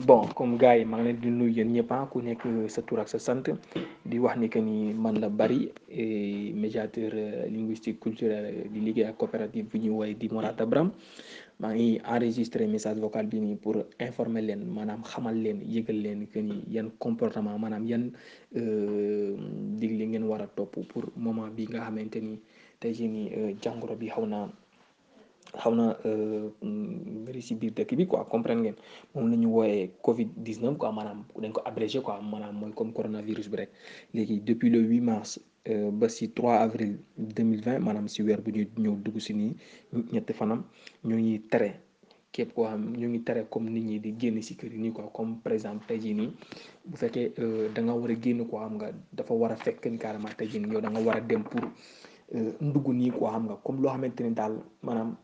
bon comme gars yi maa ngi leen di nuyu yéen ñëpp ah, ku nekk sa tur sa sant di wax ni que ni man la Bari eh, médiateur euh, linguistique culturel euh, di liggéey ak coopérative bu ñuy woowee di Morata Braham maa ngi enregistré message vocal bi nii pour informer leen maanaam xamal leen yëgal leen que ni yan comportement maanaam yan euh, digle ngeen war a topp pour moment bi nga xamante ni tey jii nii jàngoro bi xaw naa. xam na euh, mm, bëri si biir dëkk bi quoi comprendre ngeen moom la ñu wooyee Covid 19 quoi maanaam dañ ko abrégé quoi maanaam mooy comme coronavirus bi rek léegi depuis le 8 mars euh, ba si 3 avril 2020 maanaam si weer bu ñuy ñëw dugg si nii ñetti fanam ñoo ngi tere képp koo xam ñoo ngi tere comme nit ñi di génn si kër yi nii quoi comme par exemple tey nii bu fekkee euh, da nga war a génn quoi xam nga dafa war a fekk ni carrément tey jii nii yow war a dem pour ndugg nii ko xam nga comme loo xamante ni daal maanaam.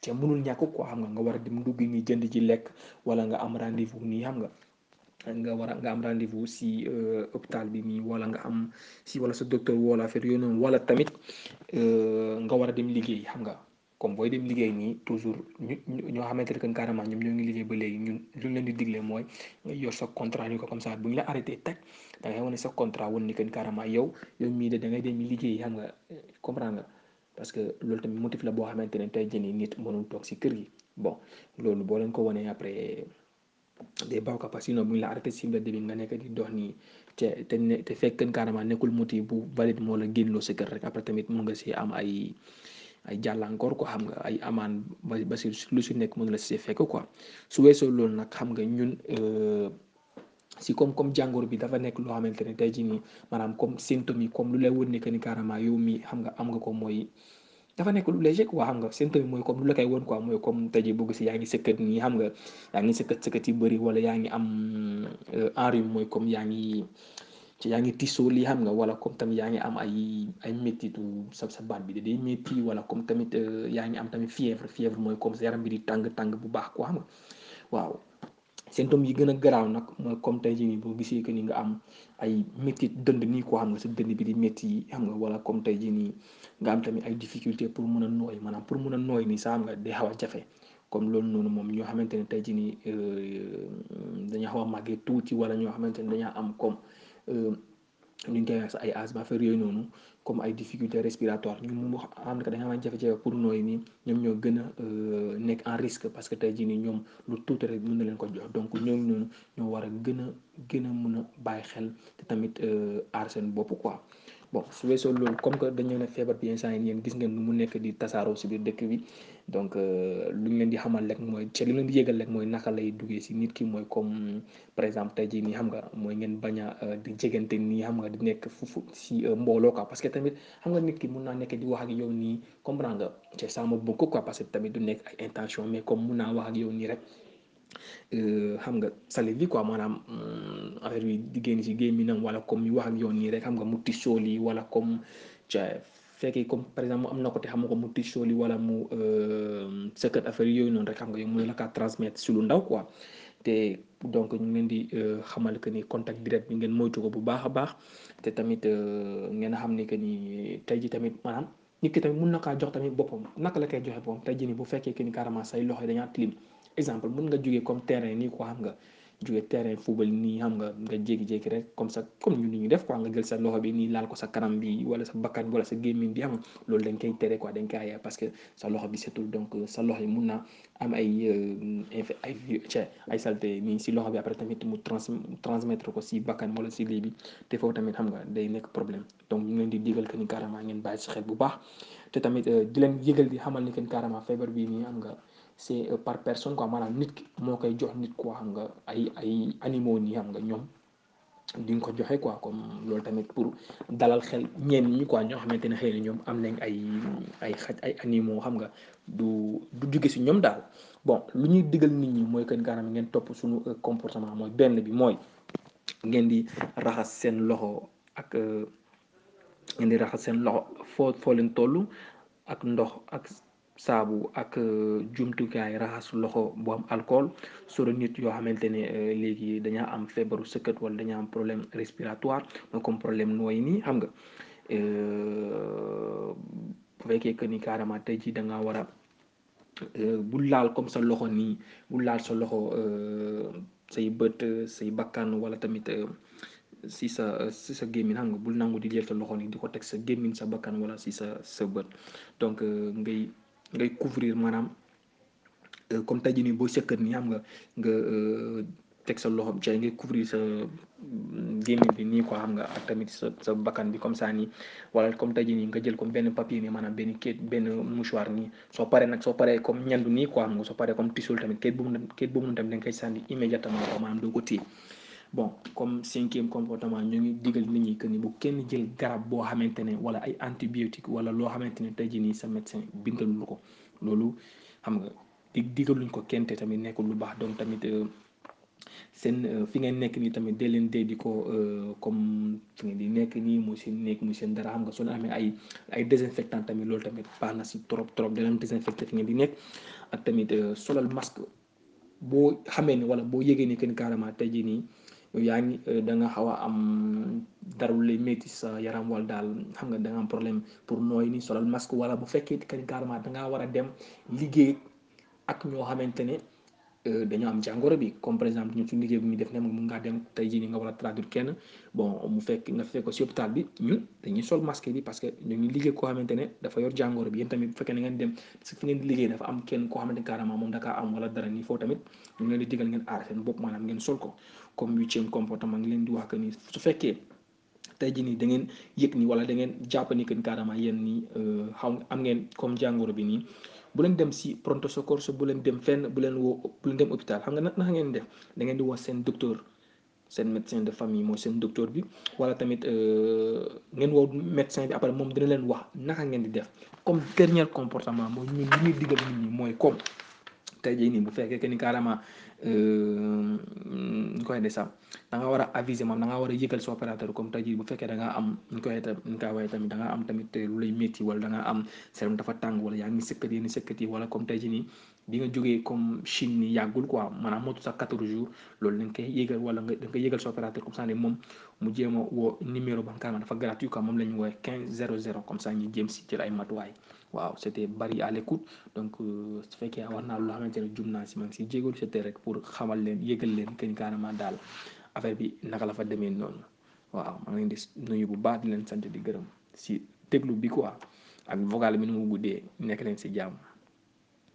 te mënul ñàkk ko xam nga nga war a dem dugg ñi jënd ji lekk wala nga am rendez-vous nii xam nga nga war a nga am rendez-vous si euh, hôpital bi mii wala nga am si wala sa docteur wala affaire yooyu noonu wala tamit euh, nga war a dem liggéey xam nga comme booy dem liggéey nii toujours ñu ñoo xamante ne que carrément ñoom ñoo ngi liggéey ba léegi ñun lu ñu leen di digle mooy nga yor sa contrat ni ko comme ça la arrêté teg da ngay wane sa contrat wan ni que carrément yow yow mii de da ngay dem liggéey xam nga comprendre nga. parce que loolu tamit motif la boo xamante ne tey jii nii nit mënul toog si kër gi bon loolu boo leen ko wanee après day baw ka parce que sinon bu la arrêté si mbedd nga nekk di dox nii te ne te fekk carrément nekkul motif bu valide moo la génnloo sa kër après tamit mun nga si am ay ay jàllankoor ko xam nga ay amaan ba ba si lu si nekk mën la si fekk ko su weesoo loolu nag xam nga ñun. Euh, si comme comme jàngoro bi dafa nekk loo xamante ne tey jii nii maanaam comme symptômes yi comme lu lay won ne que ni carrément yow mi xam am nga ko mooy dafa nekk lu léger quoi xam nga symptôme mooy comme lu la koy won quoi mooy comme tey jii boo gisee yaa ngi sëkkat nii xam nga yaa ngi sëkkat sëkkat yi bëri wala yaa ngi am euh, enrhume mooy comme yaa ngi yaa ngi tisoo lii xam nga wala comme tamit yaa ngi am ay ay méttitu sa sa baat bi da day métti wala comme tamit euh, yaa ngi am tamit fièvre fièvre mooy comme sa yaram bi di tàng tàng bu baax quoi xam nga waaw. symptômes yi gën a garaaw nag mooy comme tey jii nii boo gisee que ni nga am ay dënd nii ko xam nga sa dënd bi di métti yi xam nga wala comme tey jii nii nga am tamit ay difficulté pour mun a nooy maanaam pour mun a nooy nii saa am nga day xaw a jafe comme loolu noonu moom ñoo xamante ne tey jii nii euh, dañoo xaw a màggee tuuti wala ñoo xamante ne dañaa am kom ñu ngi koy wax ay asthme affaire yooyu noonu comme ay difficultés respiratoires ñun moom xam ne dañu am jafe-jafe pour nooy nii ñoom ñoo gën a euh, nekk en risque parce que tey jii nii ñoom lu tuuti rek mën na leen ko jox donc ñoom noonu ñoo war a gën a gën a mën bàyyi xel te tamit euh, aar seen bopp quoi. bon su weesoo loolu comme que dañoo ne feebar bi instant yi yéen gis ngeen nu nekk di tasaaroo biir dëkk bi donc euh, lu ñu leen di xamal rek mooy ci lu leen di mooy naka lay duggee si nit ki mooy comme par exemple tey jii nii xam nga mooy ngeen bañ a euh, di jegante nii xam nga di nekk fufu si euh, mbooloo quoi parce que tamit xam nga nit ki mun naa nekk di wax ak yow nii comprendre nga c'est ça ma bëgg parce que tamit du nekk ay intention mais comme mun naa wax ak yow nii rek Euh, xam nga salive bi quoi maanaam mm, affaire bi di génn ci gémminam wala comme ñu wax ak yoon nii rek xam nga mu tisoo lii wala comme fekkee comme par exemple mu am na ko te xam nga mu tisoo lii wala mu euh, sëkkat affaire yooyu noonu rek xam nga yow mu ne la kaa transmettre si lu ndaw quoi te donc ñu ngeen di euh, xamal que ni contact direct bi ngeen moytu ko bu baax a baax te tamit ngeen xam ni que ni tey ji tamit maanaam nit ki tamit mun na kaa jox tamit boppam naka la koy joxe boppam tey ji ni bu fekkee que ni carrément say loxo yi dañaa tilim. exemple mën nga jógee comme terrain nii quoi xam nga jógee terrain football nii xam nga nga jékki-jékki rek comme ça comme ñu nga jël sa loxo bi nii bi wala sa bakkan wala sa gémmiñ sa loxo bi setul donc euh, sa loxo yi mun naa am ay euh, ay ay saleté mi si loxo bi après tamit mu trans ko si bakkan wala si lii bi te foofu tamit xam nga day nekk problème donc ñu di digal que ni ngeen bàyyi si bu baax te tamit euh, di leen yëgal di xamal ni que carrément feebar bii nii am nga. c'est euh, par personne quoi maanaam nit ki moo koy jox nit quoi xam nga ay ay animaux nii xam nga ñoom di nga ko joxe quoi comme loolu tamit pour dalal xel ñenn ñi quoi ñoo xamante ne xëy na ñoom am nañ ay ay xaj ay animaux xam nga du du jóge si ñoom daal bon lu ñuy diggal nit ñi mooy kën gaanam ngeen topp suñu euh, comportement mooy benn bi mooy ngeen di raxas seen loxo ak euh, ngeen di raxas seen loxo foo foo leen toll ak ndox ak saabu ak euh, jumtukaay raxas loxo bu am alcool solo nit yoo xamante ne euh, léegi dañaa am feebaru sëkkat wala dañaa am problème respiratoire mooy comme problème nii xam nga euh, bu fekkee que ni carrément tey jii da ngaa war a laal comme sa loxo nii bul laal sa loxo say bët say bakkan wala tamit si sa si sa gémmiñ bul nangu di jël sa loxo nii di ko teg sa gémmiñ sa bakkan wala si sa sa bët donc ngay. ngay couvrir maanaam euh, comme tey jii nii booy sëkkat nii xam nga nga euh, teg sa loxo ci ngay sa mm, bi xam nga ak tamit sa sa bakkan bi comme ça nii wala comme tey jii nii nga jël comme benn papier nii maanaam benn kayit benn mouchoir nii soo paree nag soo paree comme ñandu nii quoi xam nga soo paree comme tissu tamit kayit boobu noonu tamit da nga koy sànni immédiatement quoi maanaam doo ko téye. bon comme cinquième comportement ñoo ngi digal nit ñi que ni bu kenn jël garab boo xamante ne ay antibiotique wala loo xamante ne tey jii nii sa médecin bindalul ko loolu xam nga di digaluñ ko kente tamit nekkul lu baax donc tamit euh, seen euh, fi ngeen nekk nii tamit dee di ko euh, comme fi di nekk nii muy seen nekk muy seen dara xam nga su amee ay ay désinfectant tamit loolu tamit baax na si trop trop da leen désinfecté fi ngeen di nekk ak tamit solal masque boo xamee ni wala boo yëgee ne kenn carrément tey jii nii. yaa ngi euh, da nga xaw a am darul lay métti sa yaram wal daal xam nga danga am problème pour nooy ni solal masque wala bu fekkee kañ carrément da ngaa war a dem liggéey ak ñoo xamante ne Euh, dañoo am jàngoro bi comme par exemple ñun suñu liggéey bu mu def ne mun ngaa dem tey nga war a traduire kenn bon mu fekk nga fekk ko si hôpital bi ñun dañuy sol masque bi parce que ñu ngi liggéey xamante ne dafa yor jàngoro bi yéen tamit bu fekkee ne ngeen dem parce que fi ngeen di liggéey dafa am kenn koo xamante carrément moom dakaa am wala dara nii foo tamit ñu ngi leen di digal ngeen aar su fekkee tey jii da ngeen yëg ni wala da ngeen jàpp ni que ni carrément yéen nii euh, xaw am ngeen comme jàngoro bi nii bu leen dem si pronto soccorso bu leen dem fenn bu leen woo bu leen dem hôpital xam nga naka ngeen def da ngeen di woo seen docteur seen médecin de famille mooy seen docteur bi wala tamit euh, ngeen woo médecin bi après moom dina leen wax naka ngeen di def comme dernier comportement mooy ñun li ñuy digal nit mooy comme tey jii nii bu fekkee que ni carrément ñu koy de sax da nga war a aviser moom da nga war a yëgal sa opérateur comme tey jii bu fekkee da nga am ñu koy tam ñu koy waaye tamit da am tamit lu lay métti wala da nga am seeram dafa tàng wala yaa ngi sëkkat yi wala comme tey jii nii bi nga jógee comme Chine ni yàggul quoi maanaam motu sax 14 jours loolu lañ koy yëgal wala nga dañ koy yëgal sa opérateur comme ça ne moom mu jéem a woo numéro ba nga xam moom la ñu woowee 15 00 comme ça ñu si jël ay matuwaay waaw c' était bari à l' écoute donc euh, naa loo xamante ne jum naa si man si jégalu c' était rek pour xamal leen yëgal leen que ni carrément daal affaire bi naka la fa demee noonu waaw maa ngi leen di bu baat di leen sant di gërëm si déglu bi quoi ak vocal bi nu mu guddee nekk leen si jàmm.